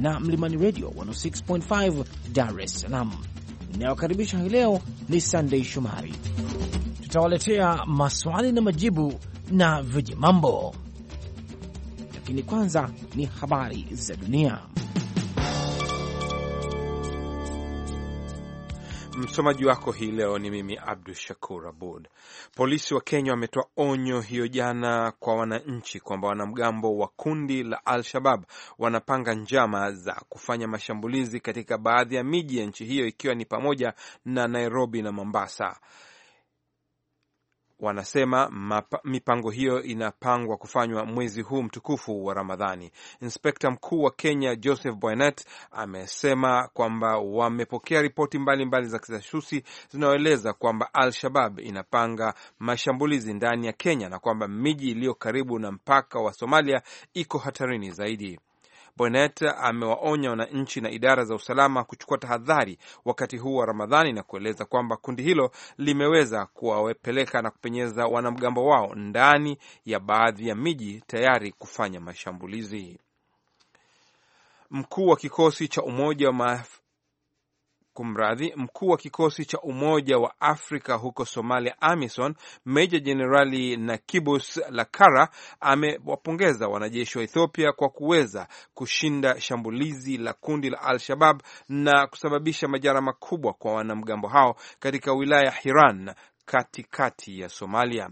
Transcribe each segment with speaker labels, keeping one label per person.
Speaker 1: na Mlimani Radio 106.5 Dar es Salaam. Inayokaribisha hii leo ni Sandei Shomari. Tutawaletea maswali na majibu na vijimambo, lakini kwanza ni habari za dunia.
Speaker 2: Msomaji wako hii leo ni mimi Abdu Shakur Abud. Polisi wa Kenya wametoa onyo hiyo jana kwa wananchi kwamba wanamgambo wa kundi la Al-Shabab wanapanga njama za kufanya mashambulizi katika baadhi ya miji ya nchi hiyo ikiwa ni pamoja na Nairobi na Mombasa. Wanasema mipango hiyo inapangwa kufanywa mwezi huu mtukufu wa Ramadhani. Inspekta mkuu wa Kenya Joseph boynet amesema kwamba wamepokea ripoti mbalimbali za kijasusi zinayoeleza kwamba Al-Shabab inapanga mashambulizi ndani ya Kenya na kwamba miji iliyo karibu na mpaka wa Somalia iko hatarini zaidi. Bonet amewaonya wananchi na idara za usalama kuchukua tahadhari wakati huu wa Ramadhani na kueleza kwamba kundi hilo limeweza kuwapeleka na kupenyeza wanamgambo wao ndani ya baadhi ya miji tayari kufanya mashambulizi. Mkuu wa kikosi cha Umoja wa Kumradhi, mkuu wa kikosi cha Umoja wa Afrika huko Somalia, AMISON, meja jenerali Nakibus Lakara amewapongeza wanajeshi wa Ethiopia kwa kuweza kushinda shambulizi la kundi la Al-Shabab na kusababisha majara makubwa kwa wanamgambo hao katika wilaya Hiran katikati ya Somalia.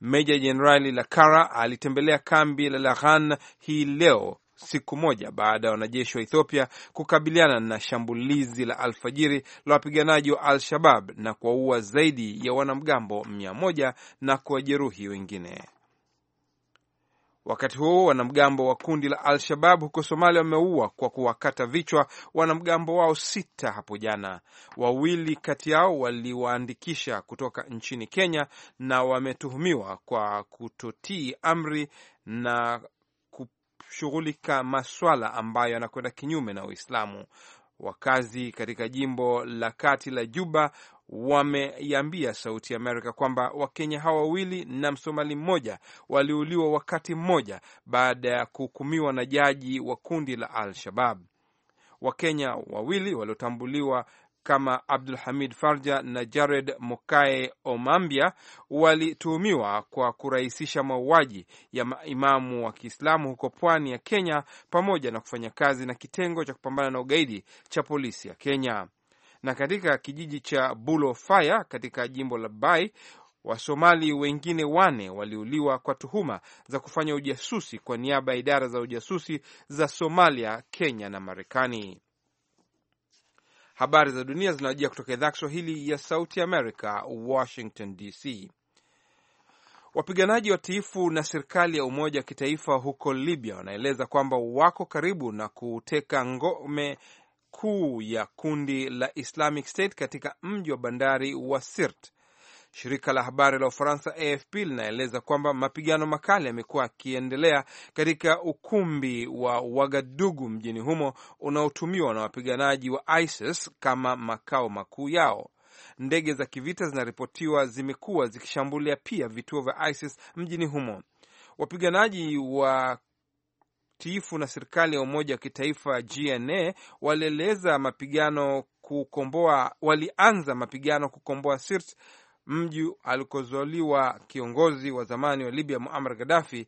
Speaker 2: Meja Jenerali Lakara alitembelea kambi la laghan hii leo siku moja baada ya wanajeshi wa Ethiopia kukabiliana na shambulizi la alfajiri la wapiganaji wa Al-Shabab na kuwaua zaidi ya wanamgambo mia moja na kuwajeruhi wengine. Wakati huo wanamgambo wa kundi la Al-Shabab huko Somalia wameua kwa kuwakata vichwa wanamgambo wao sita hapo jana. Wawili kati yao waliwaandikisha kutoka nchini Kenya na wametuhumiwa kwa kutotii amri na kushughulika maswala ambayo yanakwenda kinyume na Uislamu. Wakazi katika jimbo la kati la Juba wameiambia Sauti ya Amerika kwamba Wakenya hawa wawili na Msomali mmoja waliuliwa wakati mmoja baada ya kuhukumiwa na jaji wa kundi la Al Shabab. Wakenya wawili waliotambuliwa kama Abdul Hamid Farja na Jared Mokae Omambia walituhumiwa kwa kurahisisha mauaji ya maimamu wa Kiislamu huko pwani ya Kenya, pamoja na kufanya kazi na kitengo cha kupambana na ugaidi cha polisi ya Kenya. Na katika kijiji cha Bulo Fire katika jimbo la Bai, Wasomali wengine wane waliuliwa kwa tuhuma za kufanya ujasusi kwa niaba ya idara za ujasusi za Somalia, Kenya na Marekani. Habari za dunia zinawajia kutoka idhaa Kiswahili ya Sauti Amerika, Washington DC. Wapiganaji wa tiifu na serikali ya umoja wa kitaifa huko Libya wanaeleza kwamba wako karibu na kuteka ngome kuu ya kundi la Islamic State katika mji wa bandari wa Sirt Shirika la habari la Ufaransa AFP linaeleza kwamba mapigano makali yamekuwa yakiendelea katika ukumbi wa Wagadugu mjini humo unaotumiwa na wapiganaji wa ISIS kama makao makuu yao. Ndege za kivita zinaripotiwa zimekuwa zikishambulia pia vituo vya ISIS mjini humo. Wapiganaji wa tiifu na serikali ya umoja wa kitaifa GNA walieleza mapigano kukomboa, walianza mapigano kukomboa Sirte mji alikozaliwa kiongozi wa zamani wa Libya Muammar Gaddafi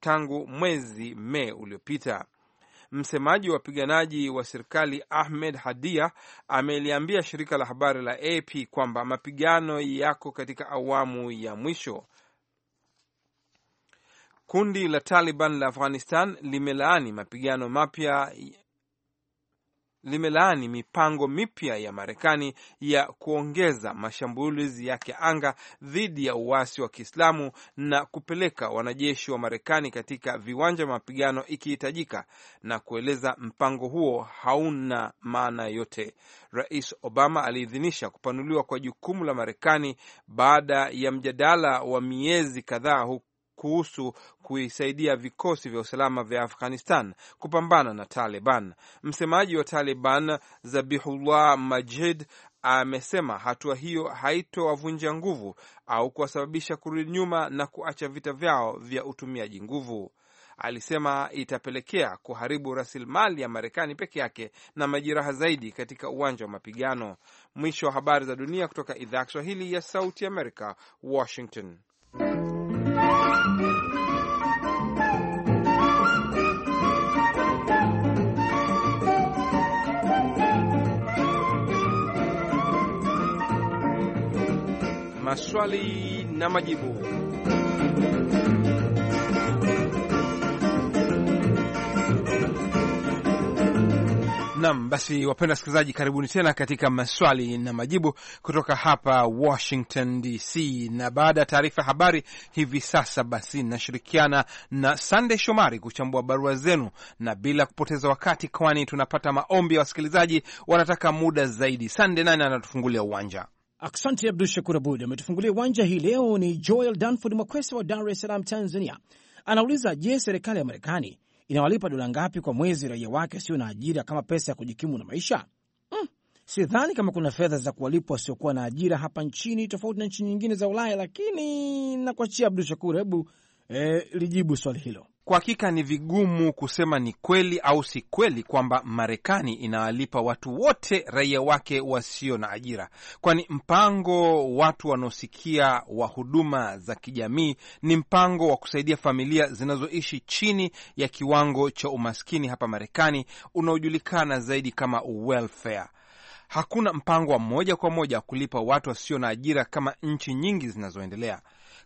Speaker 2: tangu mwezi Mei uliopita. Msemaji wa wapiganaji wa serikali Ahmed Hadia ameliambia shirika la habari la AP kwamba mapigano yako katika awamu ya mwisho. Kundi la Taliban la Afghanistan limelaani mapigano mapya limelaani mipango mipya ya Marekani ya kuongeza mashambulizi yake anga dhidi ya uasi wa Kiislamu na kupeleka wanajeshi wa Marekani katika viwanja vya mapigano ikihitajika, na kueleza mpango huo hauna maana yote. Rais Obama aliidhinisha kupanuliwa kwa jukumu la Marekani baada ya mjadala wa miezi kadhaa huko kuhusu kuisaidia vikosi vya usalama vya Afghanistan kupambana na Taliban. Msemaji wa Taliban Zabihullah Majid amesema hatua hiyo haitowavunja nguvu au kuwasababisha kurudi nyuma na kuacha vita vyao vya utumiaji nguvu. Alisema itapelekea kuharibu rasilimali ya Marekani peke yake na majeraha zaidi katika uwanja wa mapigano. Mwisho wa habari za dunia kutoka idhaa ya Kiswahili ya Sauti Amerika, Washington. Maswali na majibu. Nam, basi wapenda wasikilizaji, karibuni tena katika maswali na majibu kutoka hapa Washington DC. Na baada ya taarifa ya habari hivi sasa, basi nashirikiana na Sande Shomari kuchambua barua zenu, na bila kupoteza wakati, kwani tunapata maombi ya wasikilizaji wanataka muda zaidi. Sande, nani anatufungulia uwanja?
Speaker 1: Asante Abdu Shakur Abud. Ametufungulia uwanja hii leo ni Joel Danford Mwakwesa wa Dar es Salaam, Tanzania. Anauliza, je, serikali ya Marekani inawalipa dola ngapi kwa mwezi raia wake sio na ajira kama pesa ya kujikimu na maisha? Mm, sidhani kama kuna fedha za kuwalipwa wasiokuwa na ajira hapa nchini tofauti na nchi nyingine za Ulaya, lakini nakuachia Abdu Shakur, hebu eh, lijibu swali hilo.
Speaker 2: Kwa hakika ni vigumu kusema ni kweli au si kweli kwamba Marekani inawalipa watu wote raia wake wasio na ajira, kwani mpango watu wanaosikia wa huduma za kijamii ni mpango wa kusaidia familia zinazoishi chini ya kiwango cha umaskini hapa Marekani, unaojulikana zaidi kama welfare. Hakuna mpango wa moja kwa moja wa kulipa watu wasio na ajira kama nchi nyingi zinazoendelea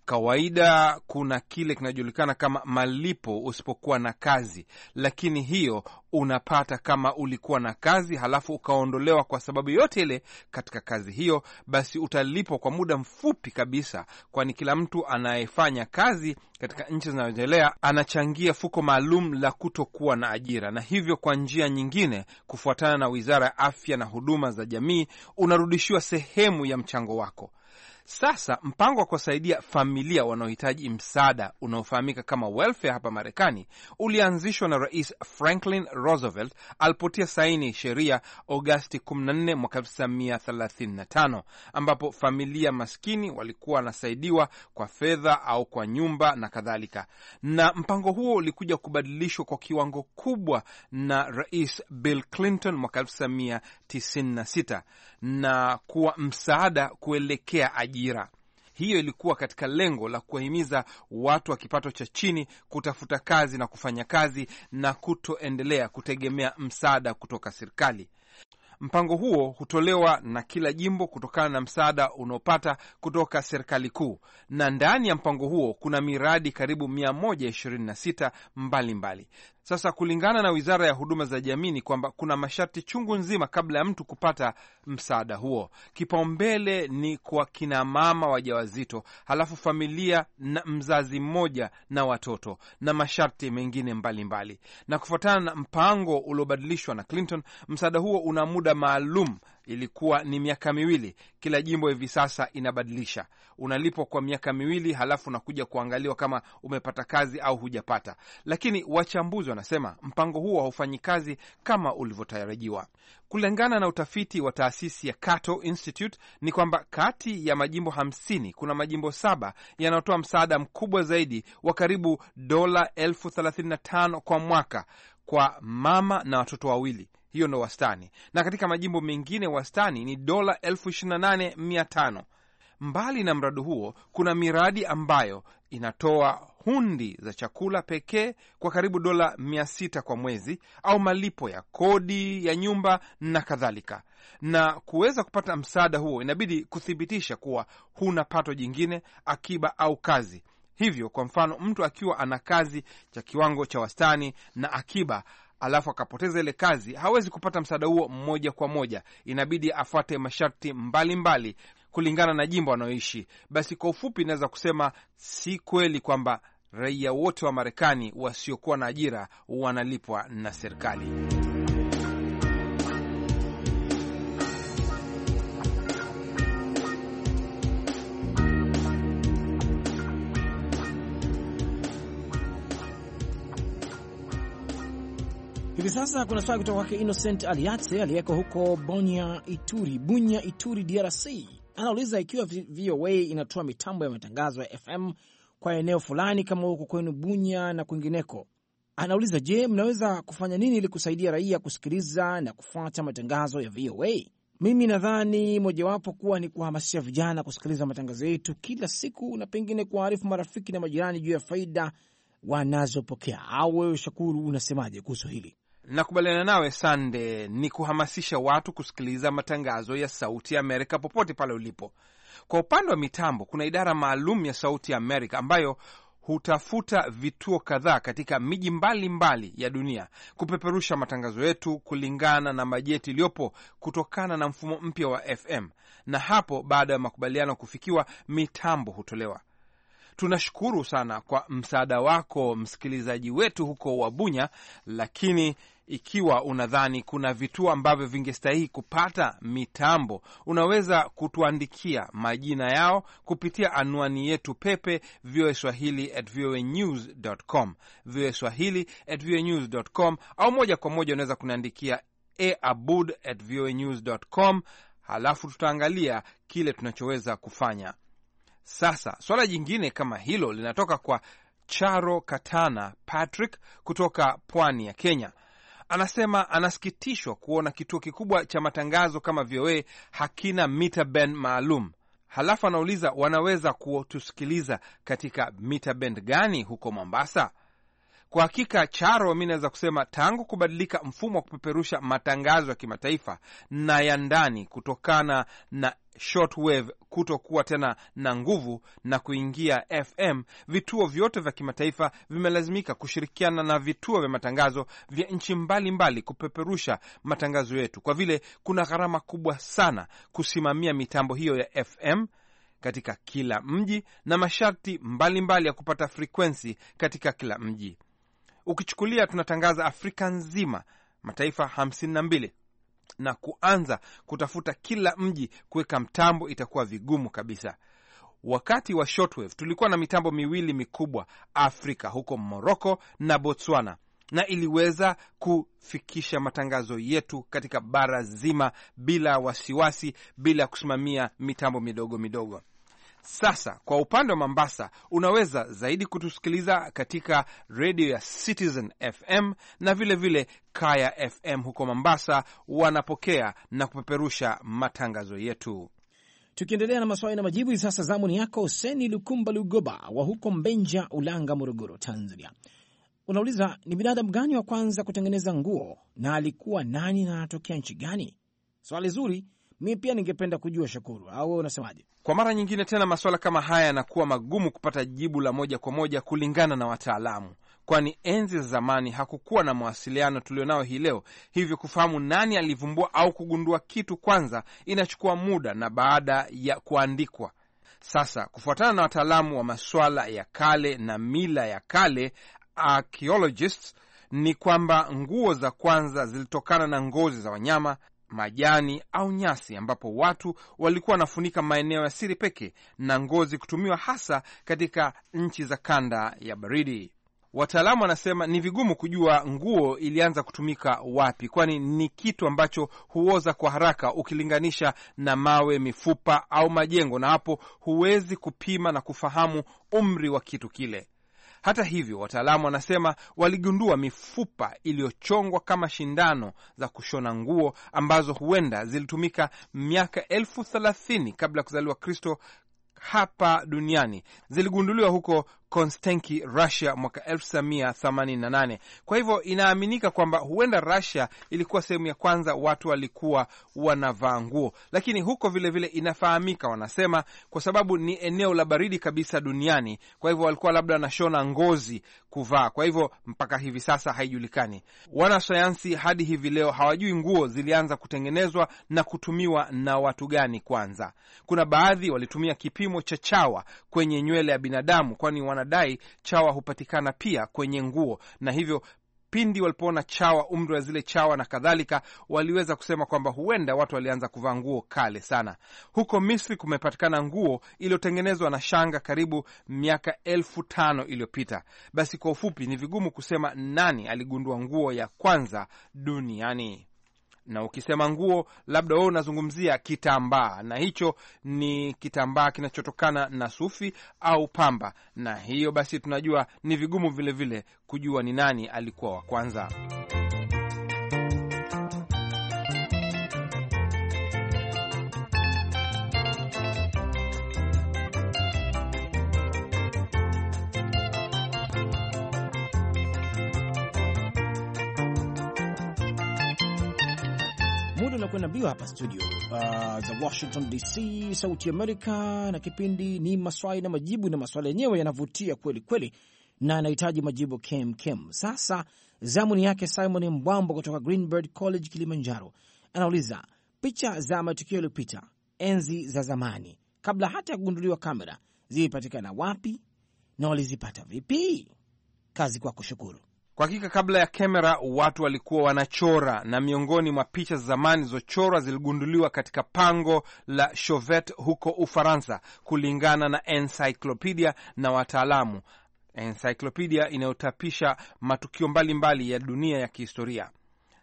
Speaker 2: kawaida kuna kile kinajulikana kama malipo usipokuwa na kazi, lakini hiyo unapata kama ulikuwa na kazi halafu ukaondolewa kwa sababu yote ile katika kazi hiyo, basi utalipwa kwa muda mfupi kabisa, kwani kila mtu anayefanya kazi katika nchi zinazoendelea anachangia fuko maalum la kutokuwa na ajira, na hivyo kwa njia nyingine, kufuatana na Wizara ya Afya na Huduma za Jamii, unarudishiwa sehemu ya mchango wako. Sasa mpango wa kuwasaidia familia wanaohitaji msaada unaofahamika kama welfare hapa Marekani ulianzishwa na Rais Franklin Roosevelt alipotia saini sheria Agosti 14 mwaka 1935, ambapo familia maskini walikuwa wanasaidiwa kwa fedha au kwa nyumba na kadhalika. Na mpango huo ulikuja kubadilishwa kwa kiwango kubwa na Rais Bill Clinton mwaka 1996 na kuwa msaada kuelekea aji ajira. Hiyo ilikuwa katika lengo la kuwahimiza watu wa kipato cha chini kutafuta kazi na kufanya kazi na kutoendelea kutegemea msaada kutoka serikali. Mpango huo hutolewa na kila jimbo kutokana na msaada unaopata kutoka serikali kuu, na ndani ya mpango huo kuna miradi karibu 126 mbalimbali mbali. Sasa kulingana na wizara ya huduma za jamii ni kwamba kuna masharti chungu nzima kabla ya mtu kupata msaada huo. Kipaumbele ni kwa kinamama wajawazito, halafu familia na mzazi mmoja na watoto na masharti mengine mbalimbali mbali. Na kufuatana na mpango uliobadilishwa na Clinton, msaada huo una muda maalum ilikuwa ni miaka miwili. Kila jimbo hivi sasa inabadilisha, unalipwa kwa miaka miwili, halafu unakuja kuangaliwa kama umepata kazi au hujapata. Lakini wachambuzi wanasema mpango huo haufanyi kazi kama ulivyotarajiwa. Kulingana na utafiti wa taasisi ya Cato Institute ni kwamba kati ya majimbo hamsini kuna majimbo saba yanayotoa msaada mkubwa zaidi wa karibu dola elfu thelathini na tano kwa mwaka kwa mama na watoto wawili hiyo ndo wastani, na katika majimbo mengine wastani ni dola elfu ishirini na nane mia tano. Mbali na mradi huo, kuna miradi ambayo inatoa hundi za chakula pekee kwa karibu dola mia sita kwa mwezi au malipo ya kodi ya nyumba na kadhalika. Na kuweza kupata msaada huo, inabidi kuthibitisha kuwa huna pato jingine, akiba au kazi. Hivyo, kwa mfano, mtu akiwa ana kazi cha kiwango cha wastani na akiba alafu akapoteza ile kazi, hawezi kupata msaada huo moja kwa moja, inabidi afuate masharti mbalimbali mbali kulingana na jimbo anayoishi. Basi kwa ufupi, inaweza kusema si kweli kwamba raia wote wa Marekani wasiokuwa na ajira wanalipwa na serikali.
Speaker 1: Hivi sasa kuna swali kutoka kwake Innocent Aliatse aliyeko huko Bonya Ituri, Bunya Ituri, DRC. Anauliza ikiwa VOA inatoa mitambo ya matangazo ya FM kwa eneo fulani kama huko kwenu Bunya na kwingineko. Anauliza, je, mnaweza kufanya nini ili kusaidia raia kusikiliza na kufuata matangazo ya VOA? Mimi nadhani mojawapo kuwa ni kuhamasisha vijana kusikiliza matangazo yetu kila siku na pengine kuwaarifu marafiki na majirani juu ya faida wanazopokea. Au wewe Shakuru, unasemaje kuhusu hili?
Speaker 2: Nakubaliana nawe Sande, ni kuhamasisha watu kusikiliza matangazo ya Sauti ya Amerika popote pale ulipo. Kwa upande wa mitambo, kuna idara maalum ya Sauti ya Amerika ambayo hutafuta vituo kadhaa katika miji mbalimbali ya dunia kupeperusha matangazo yetu kulingana na bajeti iliyopo kutokana na mfumo mpya wa FM. Na hapo baada ya makubaliano kufikiwa, mitambo hutolewa. Tunashukuru sana kwa msaada wako msikilizaji wetu huko Wabunya, lakini ikiwa unadhani kuna vituo ambavyo vingestahili kupata mitambo, unaweza kutuandikia majina yao kupitia anwani yetu pepe VOA swahili at voa news com, VOA swahili at voa news com, au moja kwa moja unaweza kuniandikia aabud at voa news com. Halafu tutaangalia kile tunachoweza kufanya. Sasa swala jingine kama hilo linatoka kwa Charo Katana Patrick kutoka pwani ya Kenya. Anasema anasikitishwa kuona kituo kikubwa cha matangazo kama VOA hakina mita bend maalum. Halafu anauliza wanaweza kutusikiliza katika mita bend gani huko Mombasa? Kwa hakika Charo, mi naweza kusema tangu kubadilika mfumo wa kupeperusha matangazo ya kimataifa na ya ndani kutokana na shortwave kutokuwa tena na nguvu na kuingia FM, vituo vyote vya kimataifa vimelazimika kushirikiana na vituo vya matangazo vya nchi mbalimbali kupeperusha matangazo yetu, kwa vile kuna gharama kubwa sana kusimamia mitambo hiyo ya FM katika kila mji na masharti mbalimbali mbali ya kupata frekwensi katika kila mji. Ukichukulia tunatangaza Afrika nzima, mataifa hamsini na mbili na kuanza kutafuta kila mji kuweka mtambo, itakuwa vigumu kabisa. Wakati wa shortwave tulikuwa na mitambo miwili mikubwa Afrika, huko Moroko na Botswana, na iliweza kufikisha matangazo yetu katika bara zima bila wasiwasi, bila kusimamia mitambo midogo midogo. Sasa kwa upande wa Mombasa unaweza zaidi kutusikiliza katika redio ya Citizen FM na vilevile vile Kaya FM huko Mombasa, wanapokea na kupeperusha matangazo yetu.
Speaker 1: Tukiendelea na maswali na majibu, hivi sasa zamuni yako Seni Lukumba Lugoba wa huko Mbenja, Ulanga, Morogoro, Tanzania. Unauliza, ni binadamu gani wa kwanza kutengeneza nguo na alikuwa nani na anatokea nchi gani? Swali zuri Mi pia ningependa kujua, Shukuru, au wewe unasemaje?
Speaker 2: Kwa mara nyingine tena, masuala kama haya yanakuwa magumu kupata jibu la moja kwa moja kulingana na wataalamu, kwani enzi za zamani hakukuwa na mawasiliano tulionayo hii leo. Hivyo kufahamu nani alivumbua au kugundua kitu kwanza inachukua muda na baada ya kuandikwa sasa, kufuatana na wataalamu wa masuala ya kale na mila ya kale archaeologists, ni kwamba nguo za kwanza zilitokana na ngozi za wanyama majani au nyasi, ambapo watu walikuwa wanafunika maeneo ya siri peke na ngozi, kutumiwa hasa katika nchi za kanda ya baridi. Wataalamu wanasema ni vigumu kujua nguo ilianza kutumika wapi, kwani ni kitu ambacho huoza kwa haraka ukilinganisha na mawe, mifupa au majengo, na hapo huwezi kupima na kufahamu umri wa kitu kile. Hata hivyo, wataalamu wanasema waligundua mifupa iliyochongwa kama shindano za kushona nguo ambazo huenda zilitumika miaka elfu thelathini kabla ya kuzaliwa Kristo hapa duniani ziligunduliwa huko Konstanki, Russia mwaka 1988. Kwa hivyo inaaminika kwamba huenda Russia ilikuwa sehemu ya kwanza watu walikuwa wanavaa nguo, lakini huko vilevile vile inafahamika, wanasema kwa sababu ni eneo la baridi kabisa duniani, kwa hivyo walikuwa labda wanashona ngozi kuvaa. Kwa hivyo mpaka hivi sasa haijulikani. Wanasayansi hadi hivi leo hawajui nguo zilianza kutengenezwa na kutumiwa na watu gani kwanza. Kuna baadhi walitumia kipimo cha chawa kwenye nywele ya binadamu, kwani wanadai chawa hupatikana pia kwenye nguo, na hivyo pindi walipoona chawa, umri wa zile chawa na kadhalika, waliweza kusema kwamba huenda watu walianza kuvaa nguo kale sana. Huko Misri kumepatikana nguo iliyotengenezwa na shanga karibu miaka elfu tano iliyopita. Basi kwa ufupi, ni vigumu kusema nani aligundua nguo ya kwanza duniani na ukisema nguo, labda wewe unazungumzia kitambaa, na hicho ni kitambaa kinachotokana na sufi au pamba, na hiyo basi tunajua ni vigumu vilevile vile kujua ni nani alikuwa wa kwanza.
Speaker 1: tunakwenda mbio hapa studio uh, ah, the Washington DC, Sauti America, na kipindi ni maswali na majibu, na maswali yenyewe yanavutia kweli kweli na anahitaji majibu kem kem. Sasa zamu ni yake Simon Mbwambo kutoka Greenbird College, Kilimanjaro. Anauliza, picha za matukio yaliyopita enzi za zamani kabla hata ya kugunduliwa kamera zilipatikana wapi na walizipata vipi? Kazi kwako, shukuru. Kwa hakika kabla ya kamera watu walikuwa
Speaker 2: wanachora, na miongoni mwa picha za zamani zilizochorwa ziligunduliwa katika pango la Chauvet huko Ufaransa, kulingana na encyclopedia na wataalamu, encyclopedia inayotapisha matukio mbalimbali mbali ya dunia ya kihistoria.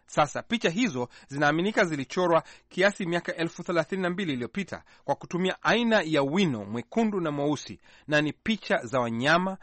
Speaker 2: Sasa picha hizo zinaaminika zilichorwa kiasi miaka elfu thelathini na mbili iliyopita kwa kutumia aina ya wino mwekundu na mweusi, na ni picha za wanyama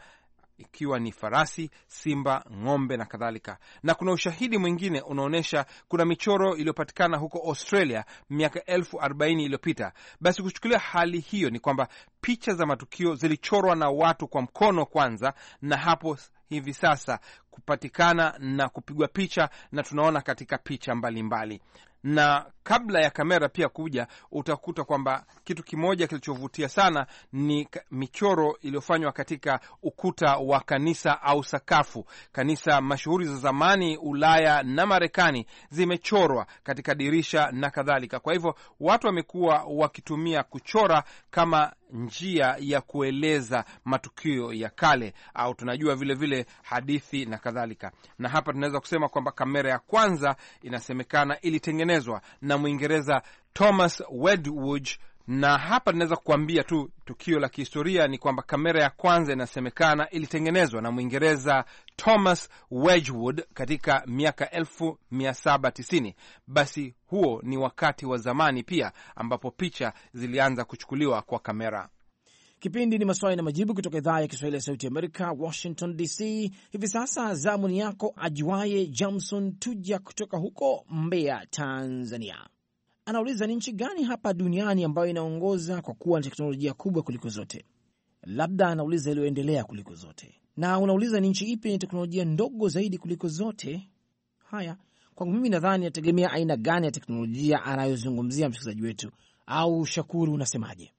Speaker 2: ikiwa ni farasi, simba, ng'ombe na kadhalika. Na kuna ushahidi mwingine unaonyesha kuna michoro iliyopatikana huko Australia miaka elfu arobaini iliyopita. Basi kuchukulia hali hiyo ni kwamba picha za matukio zilichorwa na watu kwa mkono kwanza, na hapo hivi sasa kupatikana na kupigwa picha, na tunaona katika picha mbalimbali mbali na kabla ya kamera pia kuja, utakuta kwamba kitu kimoja kilichovutia sana ni michoro iliyofanywa katika ukuta wa kanisa au sakafu. Kanisa mashuhuri za zamani Ulaya na Marekani zimechorwa katika dirisha na kadhalika. Kwa hivyo watu wamekuwa wakitumia kuchora kama njia ya kueleza matukio ya kale, au tunajua vilevile vile hadithi na kadhalika. Na hapa tunaweza kusema kwamba kamera ya kwanza inasemekana ilitengenezwa na Mwingereza Thomas Wedgwood na hapa tunaweza kukuambia tu tukio la kihistoria ni kwamba kamera ya kwanza inasemekana ilitengenezwa na Mwingereza Thomas Wedgwood katika miaka 1790. Basi huo ni wakati wa zamani pia ambapo picha zilianza kuchukuliwa kwa kamera.
Speaker 1: Kipindi ni maswali na majibu kutoka idhaa ya Kiswahili ya Sauti Amerika, Washington DC. Hivi sasa zamu ni yako Ajuaye Jamson Tuja kutoka huko Mbeya, Tanzania. Anauliza, ni nchi gani hapa duniani ambayo inaongoza kwa kuwa na teknolojia kubwa kuliko zote? Labda anauliza iliyoendelea kuliko zote, na unauliza ni nchi ipi yenye teknolojia ndogo zaidi kuliko zote. Haya, kwangu mimi nadhani nategemea aina gani ya teknolojia anayozungumzia msikilizaji wetu. Au Shakuru, unasemaje?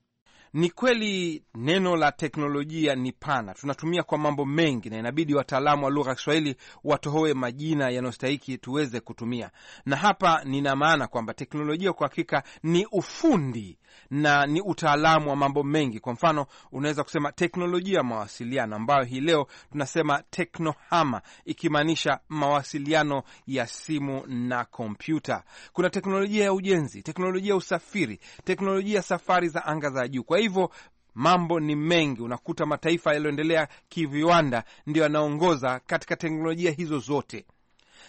Speaker 2: Ni kweli neno la teknolojia ni pana, tunatumia kwa mambo mengi, na inabidi wataalamu wa lugha ya Kiswahili watohoe majina yanayostahiki tuweze kutumia. Na hapa nina maana kwamba teknolojia kwa hakika ni ufundi na ni utaalamu wa mambo mengi. Kwa mfano, unaweza kusema teknolojia ya mawasiliano, ambayo hii leo tunasema teknohama, ikimaanisha mawasiliano ya simu na kompyuta. Kuna teknolojia ya ujenzi, teknolojia ya usafiri, teknolojia ya safari za anga za juu. Kwa hivyo mambo ni mengi. Unakuta mataifa yaliyoendelea kiviwanda ndio yanaongoza katika teknolojia hizo zote.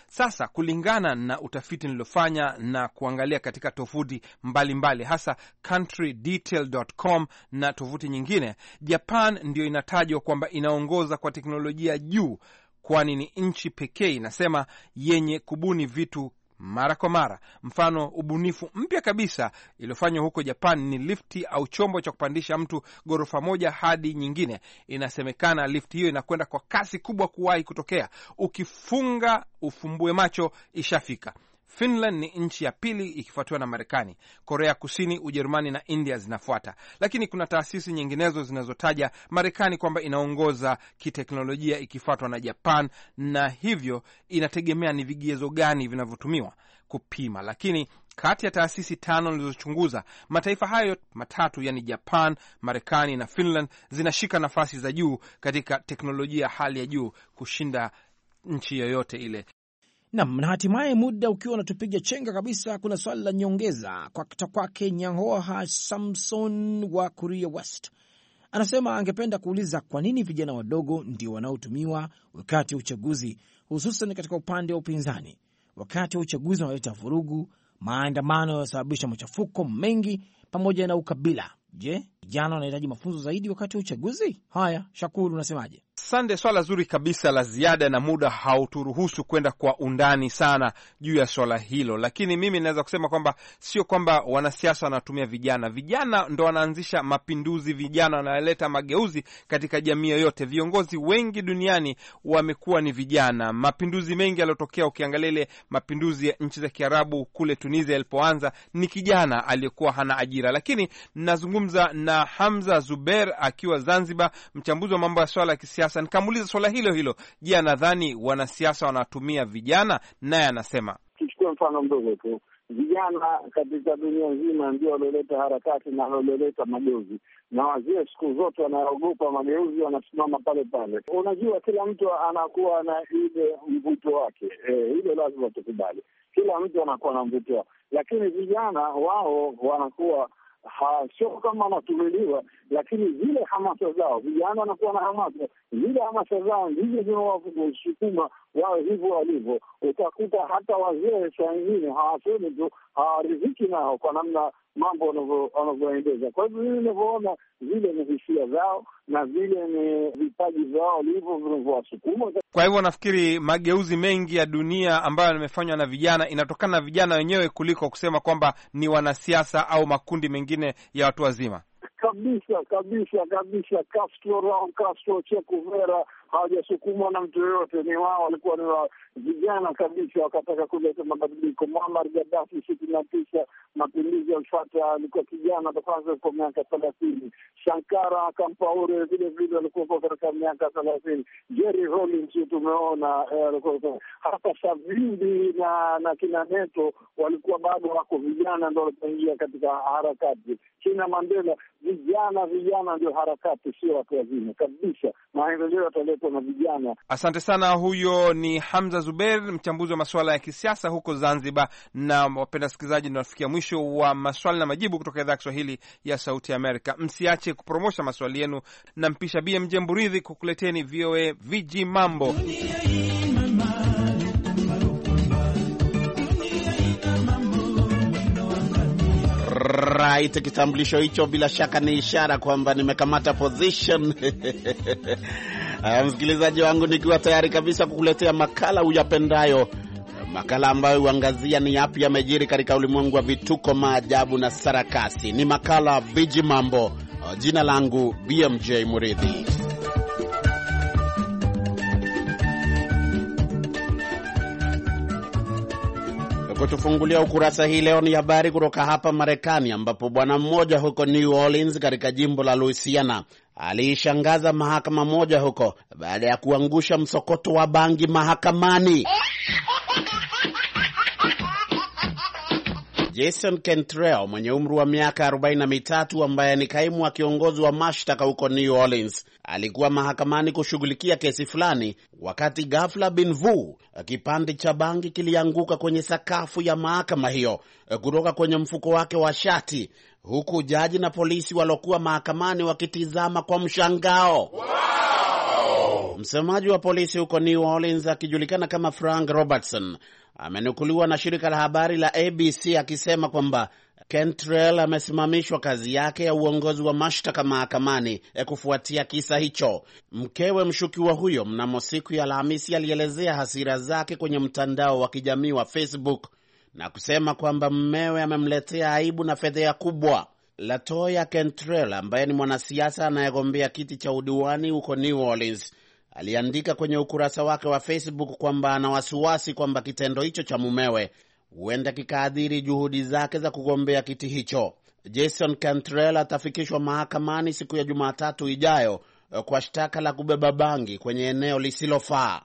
Speaker 2: Sasa kulingana na utafiti niliofanya na kuangalia katika tovuti mbalimbali, hasa countrydetail.com na tovuti nyingine, Japan ndio inatajwa kwamba inaongoza kwa teknolojia juu, kwani ni nchi pekee inasema yenye kubuni vitu mara kwa mara. Mfano ubunifu mpya kabisa iliyofanywa huko Japan ni lifti au chombo cha kupandisha mtu ghorofa moja hadi nyingine. Inasemekana lifti hiyo inakwenda kwa kasi kubwa kuwahi kutokea, ukifunga ufumbue macho, ishafika. Finland ni nchi ya pili ikifuatiwa na Marekani. Korea Kusini, Ujerumani na India zinafuata, lakini kuna taasisi nyinginezo zinazotaja Marekani kwamba inaongoza kiteknolojia ikifuatwa na Japan, na hivyo inategemea ni vigezo gani vinavyotumiwa kupima. Lakini kati ya taasisi tano nilizochunguza, mataifa hayo matatu yaani Japan, Marekani na Finland zinashika nafasi za juu katika teknolojia hali ya juu kushinda nchi yoyote ile.
Speaker 1: Nam, na hatimaye muda ukiwa unatupiga chenga kabisa, kuna swali la nyongeza kwa kwake Nyahoha Samson wa Kuria West. Anasema angependa kuuliza kwa nini vijana wadogo ndio wanaotumiwa wakati wa uchaguzi, hususan katika upande wa upinzani. Wakati wa uchaguzi wanaleta vurugu, maandamano yanasababisha machafuko mengi pamoja na ukabila. Je, vijana wanahitaji mafunzo zaidi wakati wa uchaguzi? Haya, Shakuru, unasemaje?
Speaker 2: Sande, swala zuri kabisa la ziada, na muda hauturuhusu kwenda kwa undani sana juu ya swala hilo, lakini mimi naweza kusema kwamba sio kwamba wanasiasa wanatumia vijana. Vijana ndo wanaanzisha mapinduzi, vijana wanaleta mageuzi katika jamii yoyote. Viongozi wengi duniani wamekuwa ni vijana. Mapinduzi mengi yaliyotokea, ukiangalia ile mapinduzi ya nchi za Kiarabu kule Tunisia yalipoanza, ni kijana aliyekuwa hana ajira. Lakini nazungumza na Hamza Zuber akiwa Zanzibar, mchambuzi wa mambo ya swala ya kisiasa siasa. Nikamuuliza suala hilo hilo, je, anadhani wanasiasa wanatumia vijana? Naye anasema
Speaker 3: tuchukue mfano mdogo tu, vijana katika dunia nzima ndio walioleta harakati na walioleta mageuzi, na wazee siku zote wanaogopa mageuzi, wanasimama pale pale. Unajua, kila mtu anakuwa na ile mvuto wake, hilo e, lazima tukubali, kila mtu anakuwa na mvuto wake, lakini vijana wao wanakuwa sio kama wanatumiliwa, lakini zile hamasa zao, vijana wanakuwa na hamasa, zile hamasa zao ndizo zinawasukuma wawe hivyo walivyo. Utakuta hata wazee saa ingine hawasemi tu, hawaridhiki nao kwa namna mambo wanavyoendeza. Kwa hivyo mimi inavyoona, vile ni hisia zao na vile ni vipaji vyao livyo vinavyowasukuma.
Speaker 2: Kwa hivyo nafikiri mageuzi mengi ya dunia ambayo yamefanywa na vijana inatokana na vijana wenyewe kuliko kusema kwamba ni wanasiasa au makundi mengine mingine ya watu wazima
Speaker 3: kabisa kabisa kabisa. Castro Raul Castro Che Guevara hawajasukumwa na mtu yoyote, ni wao walikuwa ni wa vijana kabisa, wakataka kuleta mabadiliko. Muammar Gaddafi sitini na tisa mapinduzi alfata alikuwa kijana kwanza kwa miaka thelathini. Sankara kampaure vile vile alikuwa katika miaka thelathini. Jerry Rawlings tumeona eh, hata Savimbi na na kina Neto walikuwa bado wako vijana, ndo walipoingia katika harakati. Kina Mandela vijana vijana ndio harakati, sio watu wazima kabisa. Maendeleo yatale kuwepo na vijana.
Speaker 2: Asante sana. Huyo ni Hamza Zuber, mchambuzi wa masuala ya kisiasa huko Zanzibar. Na wapenda wasikilizaji, tunafikia mwisho wa maswali na majibu kutoka idhaa ya Kiswahili ya Sauti Amerika. Msiache kupromosha maswali yenu, na mpisha BMJ Mburidhi kukuleteni VOA viji mambo
Speaker 4: Right, kitambulisho hicho bila shaka ni ishara kwamba nimekamata position Haya, msikilizaji wangu, nikiwa tayari kabisa kukuletea makala uyapendayo, makala ambayo huangazia ni yapi yamejiri katika ulimwengu wa vituko, maajabu na sarakasi. Ni makala Viji Mambo. Jina langu BMJ Muridhi. Kutufungulia ukurasa hii leo ni habari kutoka hapa Marekani, ambapo bwana mmoja huko New Orleans katika jimbo la Louisiana aliishangaza mahakama moja huko baada ya kuangusha msokoto wa bangi mahakamani. Jason Cantrell mwenye umri wa miaka 43 ambaye ni kaimu wa kiongozi wa mashtaka huko New Orleans alikuwa mahakamani kushughulikia kesi fulani, wakati ghafla bin vu kipande cha bangi kilianguka kwenye sakafu ya mahakama hiyo kutoka kwenye mfuko wake wa shati, huku jaji na polisi waliokuwa mahakamani wakitizama kwa mshangao. Wow! Msemaji wa polisi huko New Orleans akijulikana kama Frank Robertson amenukuliwa na shirika la habari la ABC akisema kwamba Kentrell amesimamishwa kazi yake ya uongozi wa mashtaka mahakamani eh, kufuatia kisa hicho. Mkewe mshukiwa huyo mnamo siku ya Alhamisi alielezea hasira zake kwenye mtandao wa kijamii wa Facebook na kusema kwamba mmewe amemletea aibu na fedheha kubwa. Latoya Kentrell ambaye ni mwanasiasa anayegombea kiti cha udiwani huko New Orleans aliandika kwenye ukurasa wake wa Facebook kwamba ana wasiwasi kwamba kitendo hicho cha mumewe huenda kikaadhiri juhudi zake za kugombea kiti hicho. Jason Cantrell atafikishwa mahakamani siku ya Jumatatu ijayo eh, kwa shtaka la kubeba bangi kwenye eneo lisilofaa.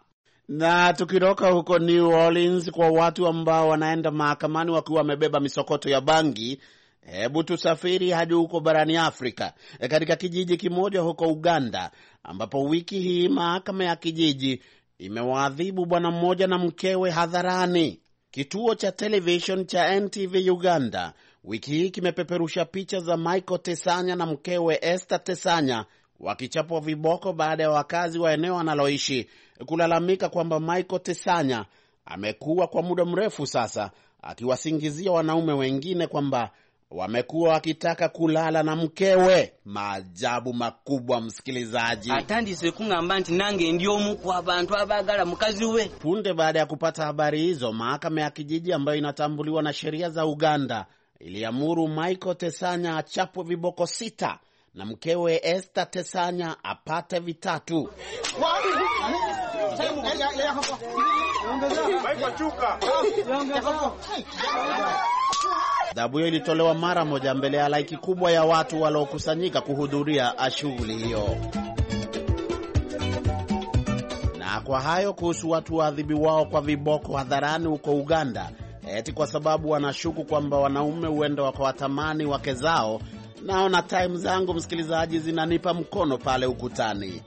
Speaker 4: Na tukitoka huko New Orleans, kwa watu ambao wanaenda mahakamani wakiwa wamebeba misokoto ya bangi Hebu tusafiri hadi huko barani Afrika, eh, katika kijiji kimoja huko Uganda, ambapo wiki hii mahakama ya kijiji imewaadhibu bwana mmoja na mkewe hadharani. Kituo cha television cha NTV Uganda wiki hii kimepeperusha picha za Michael Tesanya na mkewe Esther Tesanya wakichapwa viboko baada ya wakazi wa eneo analoishi kulalamika kwamba Michael Tesanya amekuwa kwa muda mrefu sasa akiwasingizia wanaume wengine kwamba wamekuwa wakitaka kulala na mkewe. Maajabu makubwa, msikilizaji. kung'amba nange ndi omu abantu abaagala Punde baada ya kupata habari hizo, mahakama ya kijiji ambayo inatambuliwa na sheria za Uganda iliamuru Michael Tesanya achapwe viboko sita na mkewe Esther Tesanya apate vitatu. Adhabu hiyo ilitolewa mara moja mbele ya laiki kubwa ya watu waliokusanyika kuhudhuria shughuli hiyo. Na kwa hayo kuhusu watu waadhibi wao kwa viboko hadharani huko Uganda, eti kwa sababu wanashuku kwamba wanaume huenda wakawatamani wake zao. Naona time zangu msikilizaji zinanipa mkono pale ukutani.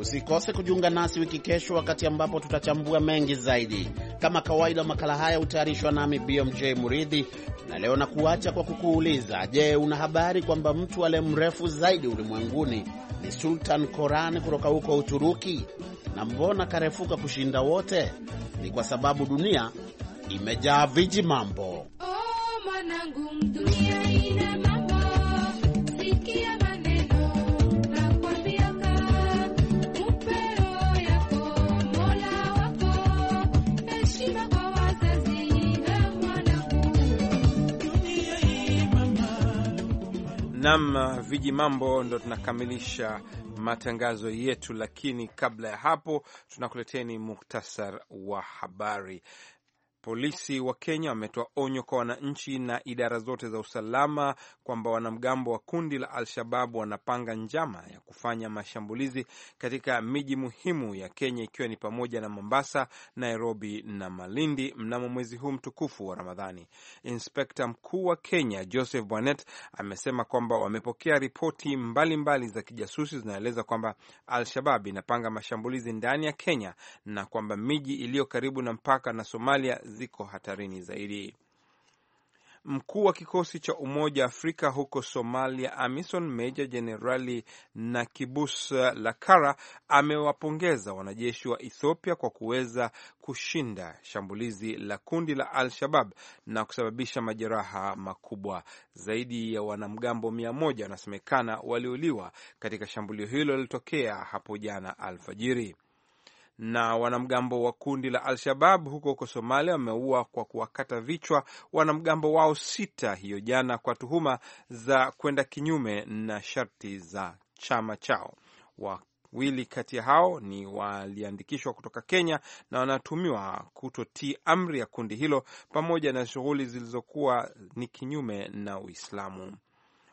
Speaker 4: Usikose kujiunga nasi wiki kesho, wakati ambapo tutachambua mengi zaidi. Kama kawaida, makala haya hutayarishwa nami BMJ Muridhi, na leo na kuacha kwa kukuuliza, je, una habari kwamba mtu aliye mrefu zaidi ulimwenguni ni Sultan Koran kutoka huko Uturuki? Na mbona karefuka kushinda wote? Ni kwa sababu dunia imejaa viji mambo.
Speaker 1: Oh,
Speaker 2: Nam viji mambo, ndo tunakamilisha matangazo yetu, lakini kabla ya hapo tunakuleteni muktasar wa habari. Polisi wa Kenya wametoa onyo kwa wananchi na idara zote za usalama kwamba wanamgambo wa kundi la al shabab wanapanga njama ya kufanya mashambulizi katika miji muhimu ya Kenya ikiwa ni pamoja na Mombasa, Nairobi na Malindi mnamo mwezi huu mtukufu wa Ramadhani. Inspekta mkuu wa Kenya Joseph Bwanet amesema kwamba wamepokea ripoti mbalimbali za kijasusi zinaeleza kwamba al shabab inapanga mashambulizi ndani ya Kenya na kwamba miji iliyo karibu na mpaka na Somalia ziko hatarini zaidi. Mkuu wa kikosi cha Umoja wa Afrika huko Somalia, AMISON, Meja Jenerali Nakibus Lakara amewapongeza wanajeshi wa Ethiopia kwa kuweza kushinda shambulizi la kundi la Al-Shabab na kusababisha majeraha makubwa. Zaidi ya wanamgambo mia moja wanasemekana waliuliwa katika shambulio hilo lilitokea hapo jana alfajiri na wanamgambo wa kundi la Al-Shabab huko huko Somalia wameua kwa kuwakata vichwa wanamgambo wao sita hiyo jana kwa tuhuma za kwenda kinyume na sharti za chama chao. Wawili kati ya hao ni waliandikishwa kutoka Kenya na wanatumiwa kutotii amri ya kundi hilo pamoja na shughuli zilizokuwa ni kinyume na Uislamu.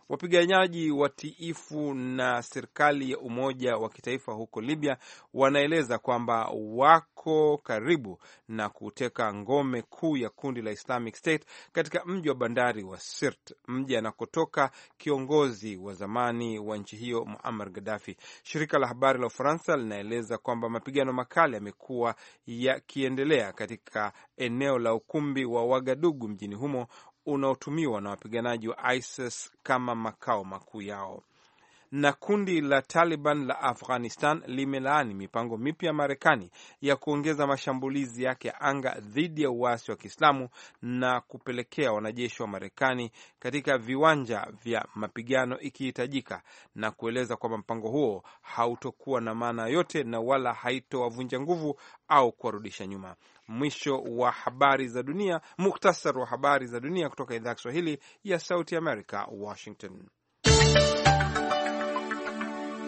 Speaker 2: Wapiganaji watiifu na serikali ya umoja wa kitaifa huko Libya wanaeleza kwamba wako karibu na kuteka ngome kuu ya kundi la Islamic State katika mji wa bandari wa Sirte, mji anakotoka kiongozi wa zamani wa nchi hiyo Muammar Gaddafi. Shirika la habari la Ufaransa linaeleza kwamba mapigano makali yamekuwa yakiendelea katika eneo la ukumbi wa Wagadugu mjini humo unaotumiwa na wapiganaji wa ISIS kama makao makuu yao na kundi la Taliban la Afghanistan limelaani mipango mipya ya Marekani ya kuongeza mashambulizi yake ya anga dhidi ya uasi wa Kiislamu na kupelekea wanajeshi wa Marekani katika viwanja vya mapigano ikihitajika, na kueleza kwamba mpango huo hautokuwa na maana yote na wala haitowavunja nguvu au kuwarudisha nyuma. Mwisho wa habari za dunia. Muhtasar wa habari za dunia kutoka idhaa ya Kiswahili ya Sauti Amerika, Washington.